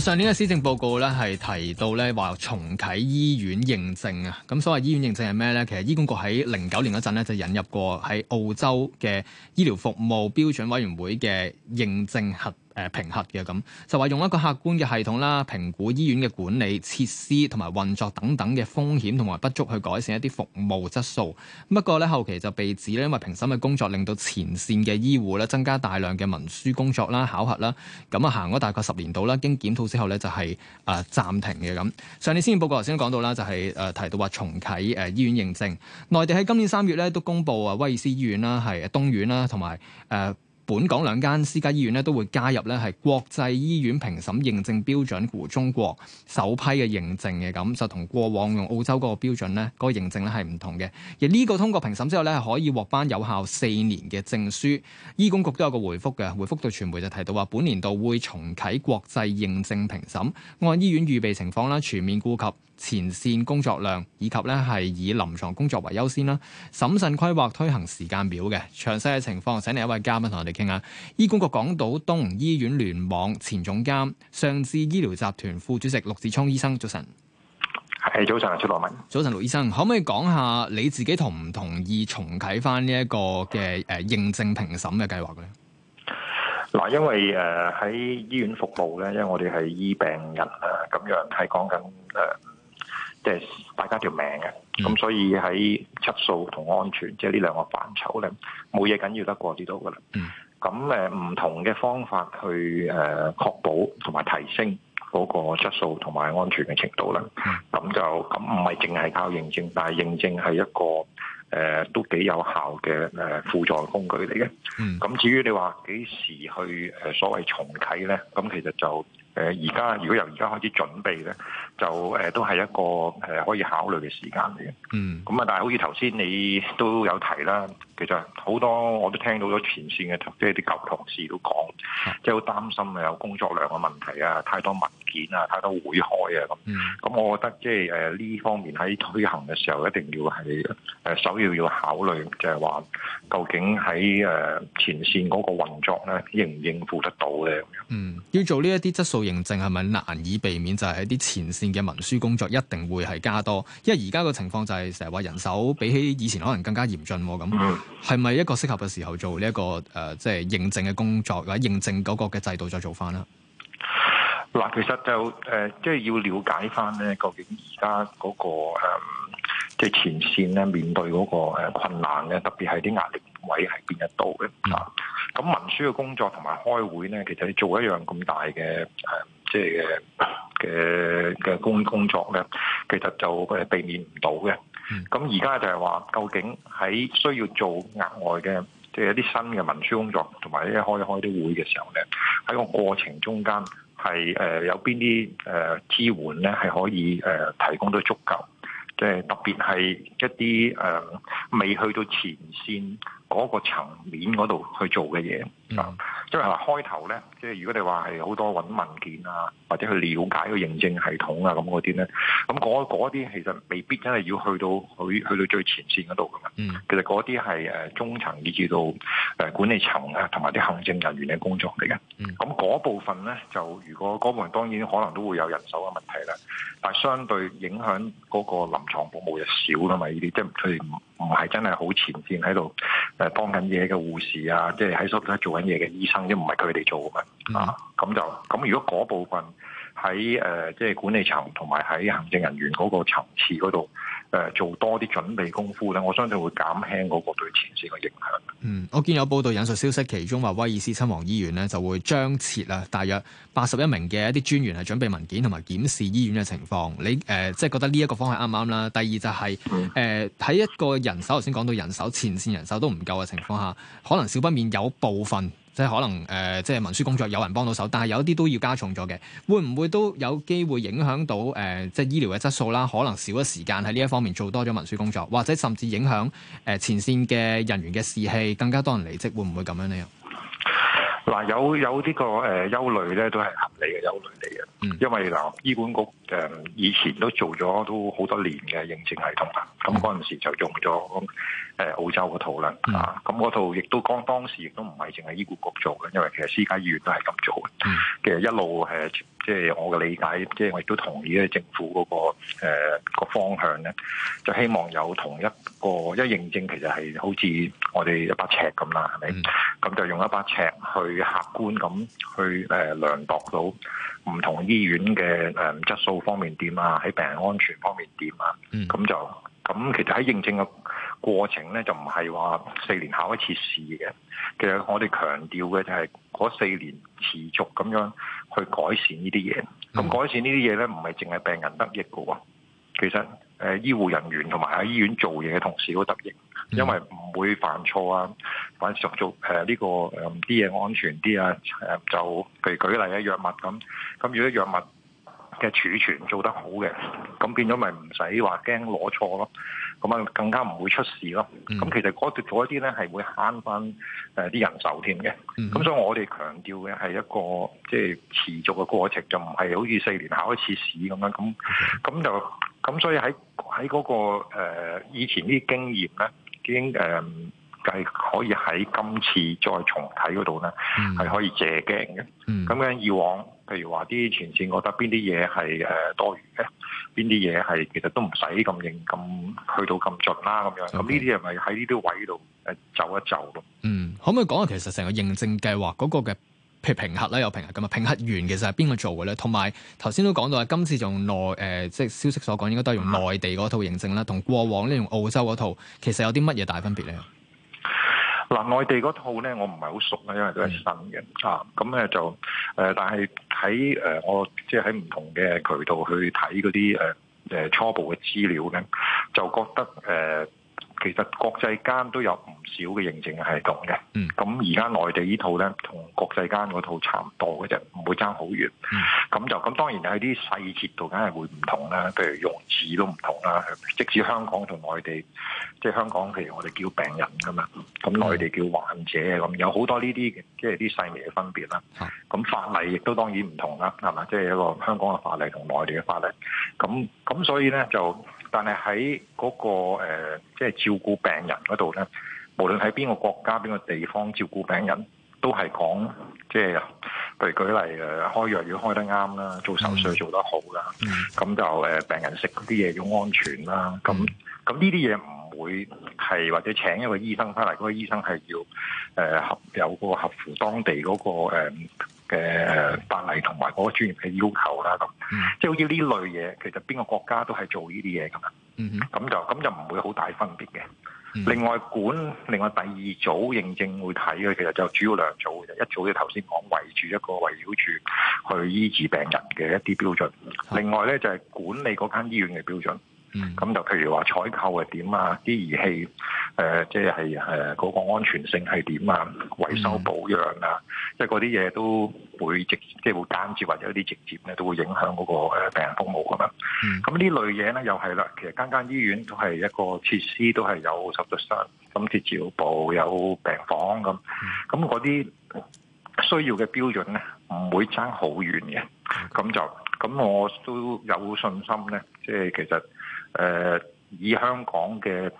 上年嘅施政報告咧，係提到咧話重啟醫院認證啊，咁所謂醫院認證係咩咧？其實醫管局喺零九年嗰陣咧就引入過喺澳洲嘅醫療服務標準委員會嘅認證核。誒評核嘅咁，就話用一個客觀嘅系統啦，評估醫院嘅管理、設施同埋運作等等嘅風險同埋不足，去改善一啲服務質素。不過咧，後期就被指咧，因為評審嘅工作令到前線嘅醫護咧增加大量嘅文書工作啦、考核啦，咁啊行咗大概十年度啦，經檢討之後咧就係誒暫停嘅咁。上年先報告頭先講到啦，就係、是、誒、呃、提到話重啟誒醫院認證。內地喺今年三月咧都公布啊，威爾斯醫院啦係東院啦同埋誒。本港兩間私家醫院咧都會加入咧係國際醫院評審認證標準，係中國首批嘅認證嘅咁，就同過往用澳洲嗰個標準咧，個認證咧係唔同嘅。而呢個通過評審之後咧，係可以獲頒有效四年嘅證書。醫管局都有個回覆嘅，回覆到傳媒就提到話，本年度會重啟國際認證評審，按醫院預備情況啦，全面顧及前線工作量以及咧係以臨床工作為優先啦，審慎規劃推行時間表嘅詳細嘅情況，請嚟一位嘉賓同我哋傾下。醫管局港島東醫院聯網前總監、尚至醫療集團副主席陸志聰醫生，早晨。係早晨，陳樂文。早晨，陸醫生，可唔可以講下你自己同唔同意重啟翻呢一個嘅誒認證評審嘅計劃咧？嗱，因為誒喺醫院服務咧，因為我哋係醫病人啦，咁樣係講緊誒。即係大家條命嘅，咁所以喺質素同安全，即係呢兩個範疇咧，冇嘢緊要得過呢度噶啦。咁誒唔同嘅方法去誒確保同埋提升嗰個質素同埋安全嘅程度啦。咁就咁唔係淨係靠認證，但係認證係一個誒、呃、都幾有效嘅誒輔助工具嚟嘅。咁至於你話幾時去誒所謂重啟咧？咁其實就。誒而家如果由而家開始準備咧，就誒、呃、都係一個誒、呃、可以考慮嘅時間嚟嘅。嗯。咁啊，但係好似頭先你都有提啦，其實好多我都聽到咗前線嘅，即係啲舊同事都講，即係好擔心啊，有工作量嘅問題啊，太多文件啊，太多會開啊咁。咁、嗯、我覺得即係誒呢方面喺推行嘅時候，一定要係誒、呃、首要要考慮，就係話究竟喺誒、呃、前線嗰個運作咧，應唔應付得到嘅。嗯。要做呢一啲質素。認證係咪難以避免？就係喺啲前綫嘅文書工作，一定會係加多。因為而家個情況就係成日話人手比起以前可能更加嚴峻喎。咁，係咪一個適合嘅時候做呢一個誒，即係認證嘅工作，或者認證嗰個嘅制度再做翻啦？嗱，其實就誒，即係要了解翻咧，究竟而家嗰個誒，即係前綫咧面對嗰個誒困難咧，特別係啲壓力。位係變得到嘅，啊，咁文書嘅工作同埋開會咧，其實做一樣咁大嘅誒，即係嘅嘅工工作咧，其實就誒避免唔到嘅。咁而家就係話，究竟喺需要做額外嘅，即係一啲新嘅文書工作，同埋一,一開開啲會嘅時候咧，喺個過程中間係誒有邊啲誒支援咧，係可以誒、呃、提供到足夠？即係特別係一啲，呃，未去到前線嗰個層面嗰度去做嘅嘢。即因為話開頭咧，即係如果你話係好多揾文件啊，或者去了解個認證系統啊咁嗰啲咧，咁嗰啲其實未必真係要去到去去到最前線嗰度噶嘛。Mm-hmm. 其實嗰啲係中層以至到管理層啊，同埋啲行政人員嘅工作嚟嘅。咁、mm-hmm. 嗰部分咧，就如果嗰部分當然可能都會有人手嘅問題啦。但係相對影響嗰個臨牀服務就少噶嘛，呢啲即係佢哋唔係真係好前線喺度。誒幫緊嘢嘅護士啊，即係喺所度做緊嘢嘅醫生，即唔係佢哋做嘅、嗯，啊，咁就咁，如果嗰部分喺誒即係管理層同埋喺行政人員嗰個層次嗰度。誒做多啲準備功夫咧，我相信會減輕嗰個對前線嘅影響。嗯，我見有報道引述消息，其中話威爾斯親王醫院咧就會將設啊，大約八十一名嘅一啲專員係準備文件同埋檢視醫院嘅情況。你誒、呃、即係覺得呢一個方向啱唔啱啦？第二就係誒喺一個人手，頭先講到人手，前線人手都唔夠嘅情況下，可能少不免有部分。即係可能誒、呃，即係文書工作有人幫到手，但係有啲都要加重咗嘅，會唔會都有機會影響到誒、呃，即係醫療嘅質素啦？可能少咗時間喺呢一方面做多咗文書工作，或者甚至影響誒、呃、前線嘅人員嘅士氣，更加多人離職，會唔會咁樣呢？嗱，有有啲個誒憂慮咧，都係合理嘅憂慮嚟嘅、嗯，因為嗱醫管局。誒以前都做咗都好多年嘅認證系統啦，咁嗰陣時就用咗誒澳洲嘅套啦啊，咁嗰套亦都當時亦都唔係淨係醫管局做嘅，因為其實私家醫院都係咁做嘅。其實一路即係我嘅理解，即係我亦都同意政府嗰個、呃、個方向咧，就希望有同一個一認證其實係好似我哋一把尺咁啦，係咪？咁就用一把尺去客觀咁去量度到唔同醫院嘅誒質素。方面點啊？喺病人安全方面點啊？咁、嗯、就咁，其實喺認證嘅過程咧，就唔係話四年考一次試嘅。其實我哋強調嘅就係嗰四年持續咁樣去改善呢啲嘢。咁、嗯、改善呢啲嘢咧，唔係淨係病人得益嘅。其實誒，醫護人員同埋喺醫院做嘢嘅同事都得益，因為唔會犯錯啊，或者、嗯、錯做誒呢、呃這個啲嘢、呃、安全啲啊。誒、呃，就譬如舉例啊，藥物咁咁，如果藥物。嘅儲存做得好嘅，咁變咗咪唔使話驚攞錯咯，咁啊更加唔會出事咯。咁其實嗰段一啲咧係會慳翻啲人手添嘅。咁所以我哋強調嘅係一個即係、就是、持續嘅過程，就唔係好似四年考一次試咁樣。咁咁就咁所以喺喺嗰個、呃、以前啲經驗咧，已經、呃係可以喺今次再重睇嗰度咧，係、嗯、可以借鏡嘅。咁、嗯、樣以往，譬如話啲前線，覺得邊啲嘢係誒多餘嘅，邊啲嘢係其實都唔使咁認咁去到咁盡啦。咁樣咁呢啲係咪喺呢啲位度誒走一走咯？嗯，可唔可以講下其實成個認證計劃嗰個嘅譬如評核咧有評核咁啊？評核員其實係邊個做嘅咧？同埋頭先都講到啊，今次用內誒、呃，即係消息所講應該都係用內地嗰套認證啦，同、啊、過往咧用澳洲嗰套，其實有啲乜嘢大分別咧？嗱、呃，內地嗰套咧，我唔係好熟啦，因為都係新嘅啊。咁咧就、呃、但係喺、呃、我即係喺唔同嘅渠道去睇嗰啲誒初步嘅資料咧，就覺得誒。呃其實國際間都有唔少嘅認證系統嘅，咁而家內地呢套咧，同國際間嗰套差唔多嘅啫，唔會爭好遠。咁、嗯、就咁當然喺啲細節度，梗係會唔同啦。譬如用字都唔同啦，即使香港同內地，即係香港，譬如我哋叫病人噶嘛，咁內地叫患者咁，嗯、有好多呢啲即係啲細微嘅分別啦。咁法例亦都當然唔同啦，係嘛？即係一個香港嘅法例同內地嘅法例。咁咁所以咧就。但係喺嗰個即係、呃就是、照顧病人嗰度咧，無論喺邊個國家、邊個地方照顧病人，都係講即係，譬、就是、如舉例誒、呃，開藥要開得啱啦，做手術做得好啦，咁、嗯、就誒、呃、病人食嗰啲嘢要安全啦。咁咁呢啲嘢唔會係或者請一個醫生返嚟，嗰、那個醫生係要誒合、呃、有個合乎當地嗰、那個、呃嘅法例同埋嗰個專業嘅要求啦，咁、mm-hmm. 即係好似呢類嘢，其實邊個國家都係做呢啲嘢噶，咁、mm-hmm. 就咁就唔會好大分別嘅。Mm-hmm. 另外管另外第二組認證會睇嘅，其實就主要兩組嘅，一組就頭先講圍住一個圍繞住去醫治病人嘅一啲標準，mm-hmm. 另外咧就係管理嗰間醫院嘅標準。咁就譬如話採購係點啊？啲儀器即係誒嗰個安全性係點啊？維修保養啊，即係嗰啲嘢都會直，即、就、係、是、會間接或者一啲直接咧都會影響嗰個病人服務咁樣。咁、嗯、呢類嘢咧又係啦，其實間間醫院都係一個設施，都係有手術室、放射治療部、有病房咁。咁嗰啲需要嘅標準咧，唔會爭好遠嘅。咁、嗯、就咁，我都有信心咧，即係其實。誒、呃、以香港嘅誒、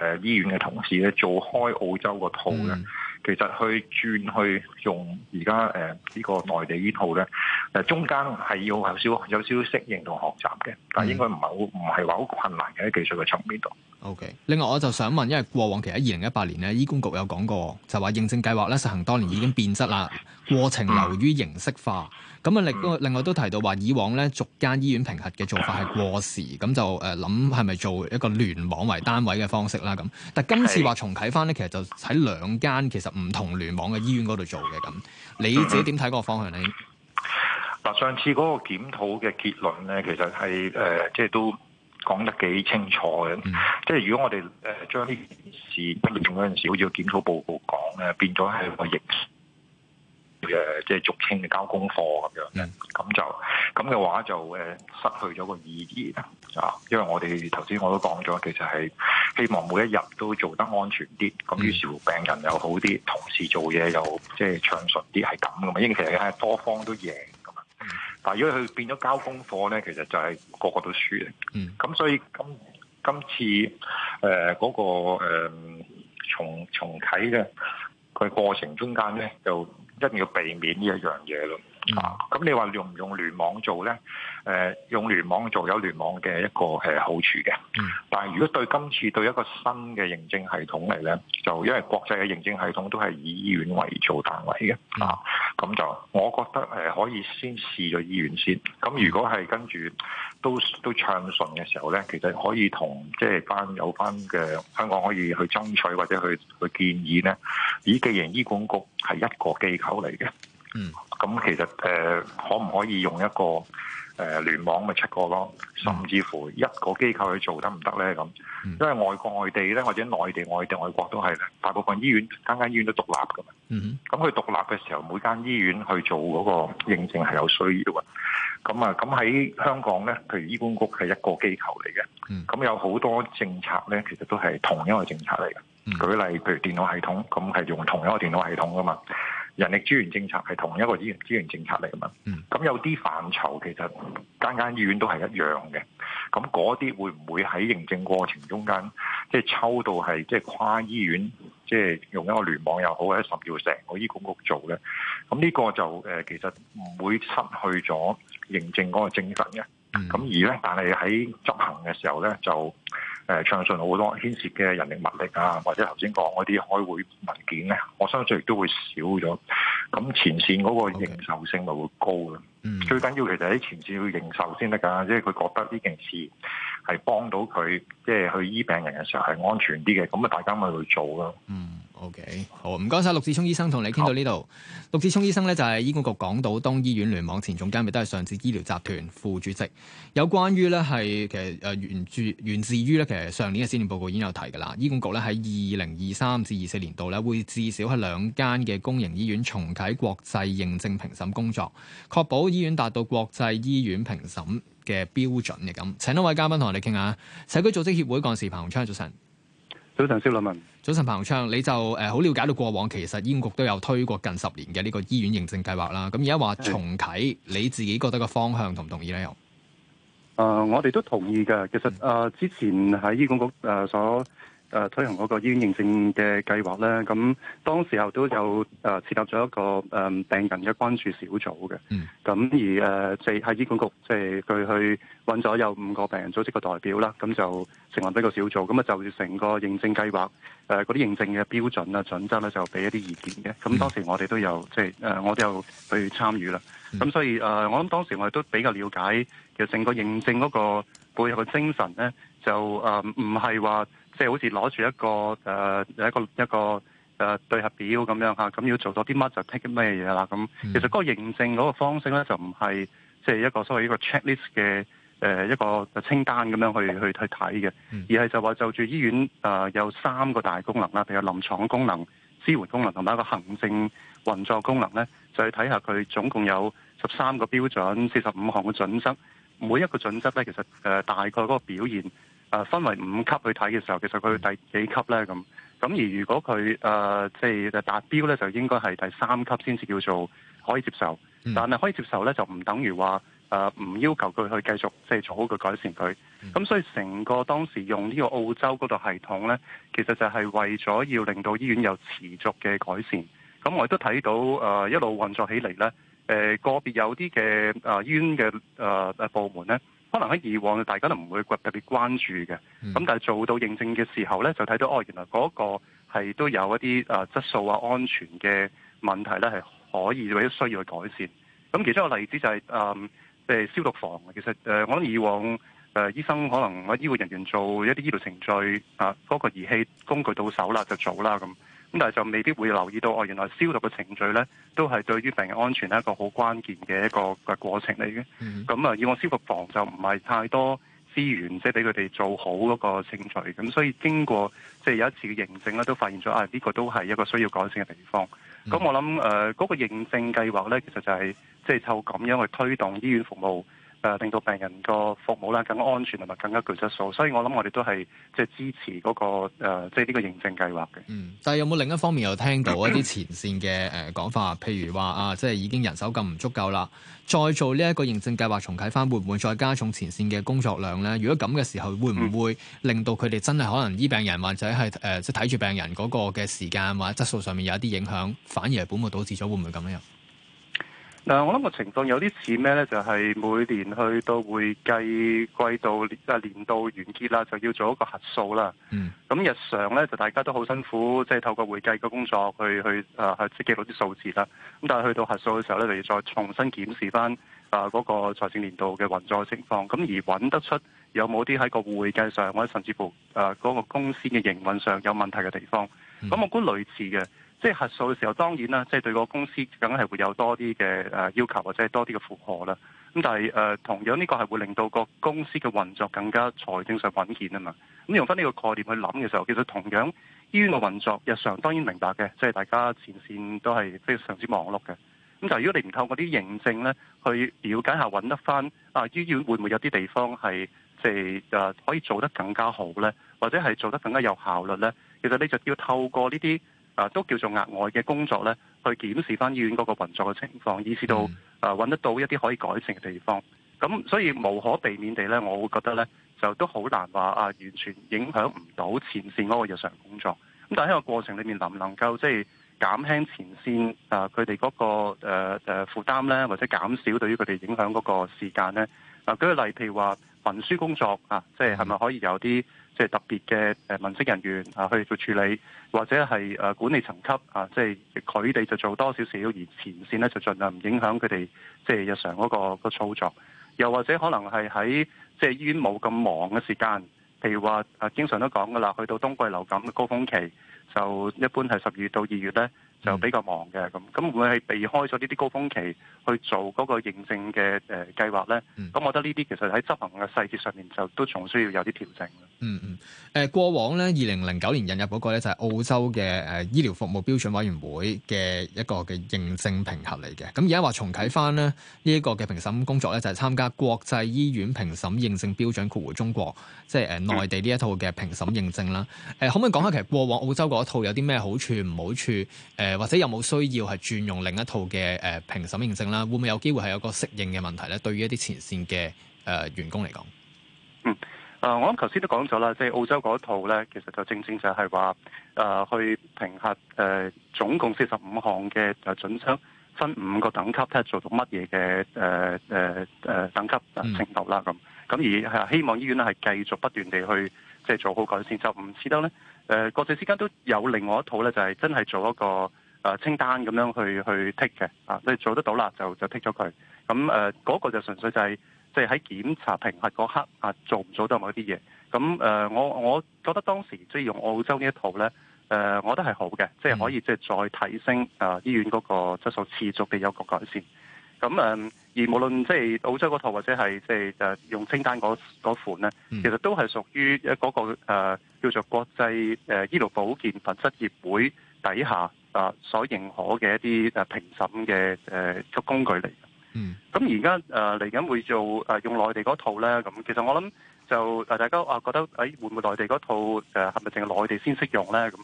呃、醫院嘅同事咧做開澳洲個套咧，mm. 其實去轉去用而家誒呢個內地套呢套咧，誒中間係要有少有少適應同學習嘅，但係應該唔係好唔係話好困難嘅喺技術嘅層面度。OK，另外我就想問，因為過往其實二零一八年咧，醫管局有講過，就話認證計劃咧實行當年已經變質啦，過程流於形式化。咁、嗯、啊，另另外都提到話，以往咧逐間醫院評核嘅做法係過時，咁、嗯、就誒諗係咪做一個聯網為單位嘅方式啦？咁，但今次話重啟翻咧，其實就喺兩間其實唔同聯網嘅醫院嗰度做嘅咁，你自己點睇嗰個方向咧？嗱，上次嗰個檢討嘅結論咧，其實係誒、呃，即係都。講得幾清楚嘅、嗯，即係如果我哋將呢件事不嚴重嗰陣時，好似個檢討報告講，變咗係話疫誒，即係俗稱交功課咁樣，咁、嗯、就咁嘅話就失去咗個意義啊！因為我哋頭先我都講咗，其實係希望每一日都做得安全啲，咁、嗯、於是乎病人又好啲，同事做嘢又即係暢順啲，係咁噶嘛，因為其實係多方都贏。但如果佢變咗交功課咧，其實就係個個都輸嘅。咁、嗯、所以今今次誒嗰、呃那個、呃、重重啟嘅佢過程中間咧，就一定要避免呢一樣嘢咯。嗯、啊，咁你話用唔用聯網做咧？誒、呃，用聯網做有聯網嘅一個誒好處嘅。嗯、但係如果對今次對一個新嘅認證系統嚟咧，就因為國際嘅認證系統都係以醫院為做單位嘅、嗯、啊。咁就，我覺得誒可以先試咗醫院先。咁如果係跟住都都暢順嘅時候咧，其實可以同即係班有班嘅香港可以去爭取或者去去建議咧。而既然醫管局係一個機構嚟嘅，嗯，咁其實誒、呃、可唔可以用一個？誒、呃、聯網咪七個咯，甚至乎一個機構去做得唔得咧？咁，因為外國、外地咧或者內地、外地、外國都係，大部分醫院間間醫院都獨立噶嘛。咁、嗯、佢獨立嘅時候，每間醫院去做嗰個認證係有需要嘅。咁啊，咁喺香港咧，譬如醫管局係一個機構嚟嘅，咁、嗯、有好多政策咧，其實都係同一個政策嚟嘅、嗯。舉例，譬如電腦系統，咁係用同一個電腦系統噶嘛。人力資源政策係同一個資源源政策嚟㗎嘛，咁、嗯、有啲範疇其實間間醫院都係一樣嘅，咁嗰啲會唔會喺認證過程中間即係、就是、抽到係即係跨醫院，即、就、係、是、用一個聯網又好，或者甚至乎成個醫管局做嘅？咁呢個就、呃、其實唔會失去咗認證嗰個精神嘅，咁、嗯、而咧，但係喺執行嘅時候咧就。誒暢順好多，牽涉嘅人力物力啊，或者頭先講嗰啲開會文件咧，我相信亦都會少咗。咁前線嗰個認受性咪會高咯。Okay. 最緊要其實喺前線要認受先得㗎，即係佢覺得呢件事係幫到佢，即係去醫病人嘅時候係安全啲嘅，咁啊大家咪去做咯。嗯。O.K. 好，唔該晒，陸志聰醫生同你傾到呢度。陸志聰醫生咧就係醫管局港島東醫院聯網前總監，亦都係尚至醫療集團副主席。有關於咧係其實誒源住源自於咧，其實上年嘅施政報告已經有提㗎啦。醫管局咧喺二零二三至二四年度咧會至少喺兩間嘅公營醫院重啟國際認證評審工作，確保醫院達到國際醫院評審嘅標準嘅。咁請一位嘉賓同我哋傾下，社區組織協會幹事彭鴻昌，早晨。主持人早晨，肖立文。早晨，彭昌。你就誒好、呃、了解到過往其實醫管局都有推過近十年嘅呢個醫院認證計劃啦。咁而家話重啓，你自己覺得個方向同唔同意咧？又、呃，誒我哋都同意嘅。其實誒、呃、之前喺醫管局誒、呃、所。誒、呃、推行嗰個醫院認證嘅計劃咧，咁當時候都有誒、呃、設立咗一個誒、呃、病人嘅關注小組嘅，咁、嗯、而誒係、呃就是、醫管局即係佢去揾咗有五個病人組織嘅代表啦，咁就成為呢個小組，咁啊就成個認證計劃誒嗰啲認證嘅標準啊準則咧，就俾一啲意見嘅。咁、嗯、當時我哋都有即係誒我都有去參與啦。咁、嗯、所以誒、呃，我諗當時我哋都比較了解其實成個認證嗰個背後嘅精神咧，就誒唔係話，呃即、就、係、是、好似攞住一個誒有、呃、一個一個誒、呃、對合表咁樣吓，咁要做到啲乜就 take 啲乜嘢啦咁。其實嗰個認證嗰個方式咧就唔係即係一個所謂一個 checklist 嘅誒、呃、一個清單咁樣去去去睇嘅，而係就話就住醫院誒、呃、有三個大功能啦，譬如臨床功能、支援功能同埋一個行政運作功能咧，就去睇下佢總共有十三個標準、四十五項嘅準則，每一個準則咧其實誒大概嗰個表現。啊、分為五級去睇嘅時候，其實佢第幾級咧？咁咁而如果佢誒即係達標咧，就應該係第三級先至叫做可以接受。嗯、但係可以接受咧，就唔等於話誒唔要求佢去繼續即係、即係、做好佢改善佢。咁、嗯、所以成個當時用呢個澳洲嗰個系統咧，其實就係為咗要令到醫院有持續嘅改善。咁我亦都睇到、呃、一路運作起嚟咧，誒、呃、個別有啲嘅誒醫院嘅、呃、部門咧。可能喺以往大家都唔會特別關注嘅，咁但係做到認證嘅時候呢，就睇到哦，原來嗰個係都有一啲啊、呃、質素啊安全嘅問題呢，係可以或者需要去改善。咁其中一個例子就係、是、誒、嗯、消毒房，其實誒、呃、我諗以往誒、呃、醫生可能啊醫護人員做一啲醫療程序啊嗰、那個儀器工具到手啦就做啦咁。嗯咁但係就未必會留意到哦，原來消毒嘅程序咧，都係對於病人安全咧一個好關鍵嘅一個嘅過程嚟嘅。咁、mm-hmm. 啊，以往消毒房就唔係太多資源，即係俾佢哋做好嗰個程序。咁所以經過即係、就是、有一次嘅認證咧，都發現咗啊，呢、這個都係一個需要改善嘅地方。咁、mm-hmm. 我諗誒，嗰、呃那個認證計劃咧，其實就係即係就咁樣去推動醫院服務。誒令到病人個服務咧更安全同埋更加具質素，所以我諗我哋都係即係支持嗰個誒，即係呢個認證計劃嘅。嗯，但係有冇另一方面又聽到一啲前線嘅誒講法？譬 如話啊，即係已經人手咁唔足夠啦，再做呢一個認證計劃重啟翻，會唔會再加重前線嘅工作量咧？如果咁嘅時候，會唔會 令到佢哋真係可能醫病人或者係誒即係睇住病人嗰個嘅時間或者質素上面有一啲影響，反而本末倒置咗？會唔會咁樣？嗱，我諗個情況有啲似咩呢？就係、是、每年去到會計季度、年度完結啦，就要做一個核數啦。嗯。咁日常呢，就大家都好辛苦，即、就、係、是、透過會計嘅工作去去啊，係記錄啲數字啦。咁但係去到核數嘅時候呢，就要再重新檢視翻啊嗰個財政年度嘅運作情況，咁而揾得出有冇啲喺個會計上，或者甚至乎啊嗰個公司嘅營運上有問題嘅地方。咁、mm. 我估類似嘅。即係核數嘅時候，當然啦，即係對個公司梗係會有多啲嘅誒要求，或者係多啲嘅負荷啦。咁但係誒同樣呢個係會令到個公司嘅運作更加財政上穩健啊嘛。咁用翻呢個概念去諗嘅時候，其實同樣醫院嘅運作日常當然明白嘅，即係大家前線都係非常之忙碌嘅。咁但係如果你唔透過啲認證咧，去了解下揾得翻啊，醫院會唔會有啲地方係即係誒可以做得更加好咧，或者係做得更加有效率咧？其實你就要透過呢啲。啊，都叫做額外嘅工作咧，去檢視翻醫院嗰個運作嘅情況，以至到啊搵得到一啲可以改善嘅地方。咁所以無可避免地咧，我會覺得咧，就都好難話啊完全影響唔到前線嗰個日常工作。咁但係喺個過程裏面，能唔能夠即係、就是、減輕前線啊佢哋嗰個誒負、呃呃、負擔咧，或者減少對於佢哋影響嗰個時間咧？啊，舉個例譬如話文書工作啊，即係係咪可以有啲？嗯即係特別嘅誒文職人員啊，去做處理，或者係誒管理層級啊，即係佢哋就做多少少，而前線咧就盡量唔影響佢哋即係日常嗰個操作。又或者可能係喺即係醫院冇咁忙嘅時間，譬如話誒，經常都講噶啦，去到冬季流感嘅高峰期，就一般係十二月到二月咧，就比較忙嘅咁，咁會唔會係避開咗呢啲高峰期去做嗰個認證嘅誒計劃咧？咁、嗯、我覺得呢啲其實喺執行嘅細節上面就都仲需要有啲調整。嗯嗯，誒過往咧，二零零九年引入嗰個咧就係澳洲嘅誒醫療服務標準委員會嘅一個嘅認證評核嚟嘅。咁而家話重啟返呢，呢、這、一個嘅評審工作咧，就係參加國際醫院評審認證標準括弧中國，即係誒內地呢一套嘅評審認證啦。誒、嗯、可唔可以講下其實過往澳洲嗰套有啲咩好處唔好處？誒或者有冇需要係轉用另一套嘅誒評審認證啦？會唔會有機會係有一個適應嘅問題咧？對於一啲前線嘅誒員工嚟講，嗯、呃，誒、呃、我諗頭先都講咗啦，即係澳洲嗰套咧，其實就正正就係話誒去評核誒總共四十五項嘅誒準則，分五個等級睇下做到乜嘢嘅誒誒誒等級程度啦。咁咁而係希望醫院咧係繼續不斷地去即係做好改善，就唔似得咧誒、呃、國際之間都有另外一套咧，就係、是、真係做一個。誒清單咁樣去去剔嘅啊，你做得到啦，就就剔咗佢咁誒，嗰個就純粹就係即係喺檢查評核嗰刻啊，做唔做到某啲嘢咁誒？我我覺得當時即係、就是、用澳洲呢一套咧，誒、呃，我覺得係好嘅，即、就、係、是、可以即係再提升啊、呃、醫院嗰個質素，持續地有個改善咁誒、呃。而無論即係澳洲嗰套或者係即係用清單嗰嗰款咧，其實都係屬於一嗰個、呃、叫做國際誒醫療保健品質協會底下。啊，所認可嘅一啲誒評審嘅誒個工具嚟。嗯，咁而家誒嚟緊會做誒用內地嗰套咧。咁其實我諗就誒大家啊覺得誒、欸、會唔會內地嗰套誒係咪淨係內地先適用咧？咁、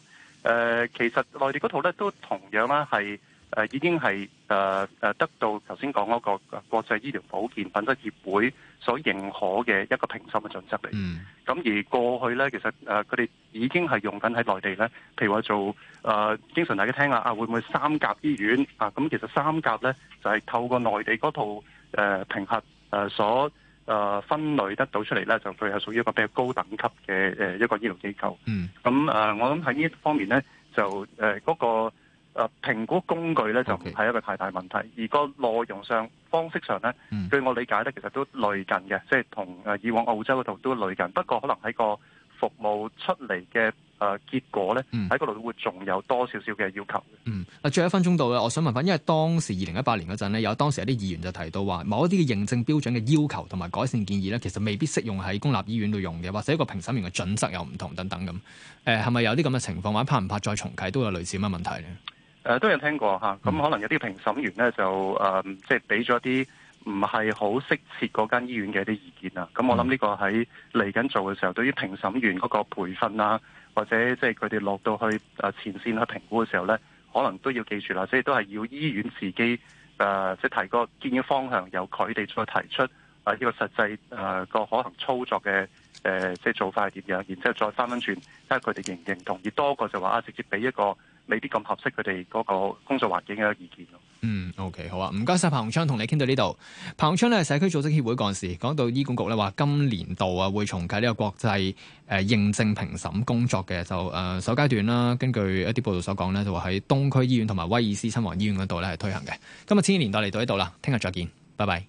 呃、其實內地嗰套咧都同樣啦係。誒已經係誒、呃、得到頭先講嗰個國際醫療保健品質協會所認可嘅一個評審嘅準則嚟。咁、mm. 而過去咧，其實誒佢哋已經係用緊喺內地咧，譬如話做誒、呃，經常大家聽，聽啊，啊會唔會三甲醫院啊？咁、嗯、其實三甲咧就係、是、透過內地嗰套誒評、呃、核誒所誒、呃、分類得到出嚟咧，就佢係屬於一個比較高等級嘅一個醫療機構。Mm. 嗯。咁、呃、誒，我諗喺呢方面咧，就誒嗰、呃嗰個。誒評估工具咧，就唔係一個太大問題。Okay. 而個內容上、方式上咧、嗯，據我理解咧，其實都類近嘅，即係同誒以往澳洲嗰度都類近。不過可能喺個服務出嚟嘅誒結果咧，喺個度會仲有多少少嘅要求，嗯，嗱、嗯，最後一分鐘度，啦，我想問翻，因為當時二零一八年嗰陣咧，有當時有啲議員就提到話，某一啲嘅認證標準嘅要求同埋改善建議咧，其實未必適用喺公立醫院度用嘅，或者一個評審員嘅準則又唔同等等咁。誒係咪有啲咁嘅情況，或者怕唔怕再重啟都有類似咁嘅問題咧？誒，都有聽過嚇，咁可能有啲評審員咧就誒，即係俾咗啲唔係好適切嗰間醫院嘅一啲意見啦。咁我諗呢個喺嚟緊做嘅時候，對於評審員嗰個培訓啊，或者即係佢哋落到去誒前線去評估嘅時候咧，可能都要記住啦，即係都係要醫院自己誒，即係提個建議方向，由佢哋再提出啊呢個實際誒個可能操作嘅誒即係做法係點樣，然之後再翻返轉睇下佢哋認唔認同，而多過就話啊直接俾一個。未必咁合適佢哋嗰個工作環境嘅意見。嗯，OK，好啊，唔該晒。彭鴻昌，同你傾到呢度。彭鴻昌咧係社區組織協會幹事，講到醫管局咧話今年度啊會重啟呢個國際誒認證評審工作嘅，就誒、呃、首階段啦。根據一啲報道所講咧，就話喺東區醫院同埋威爾斯親王醫院嗰度咧係推行嘅。今日千禧年代嚟到呢度啦，聽日再見，拜拜。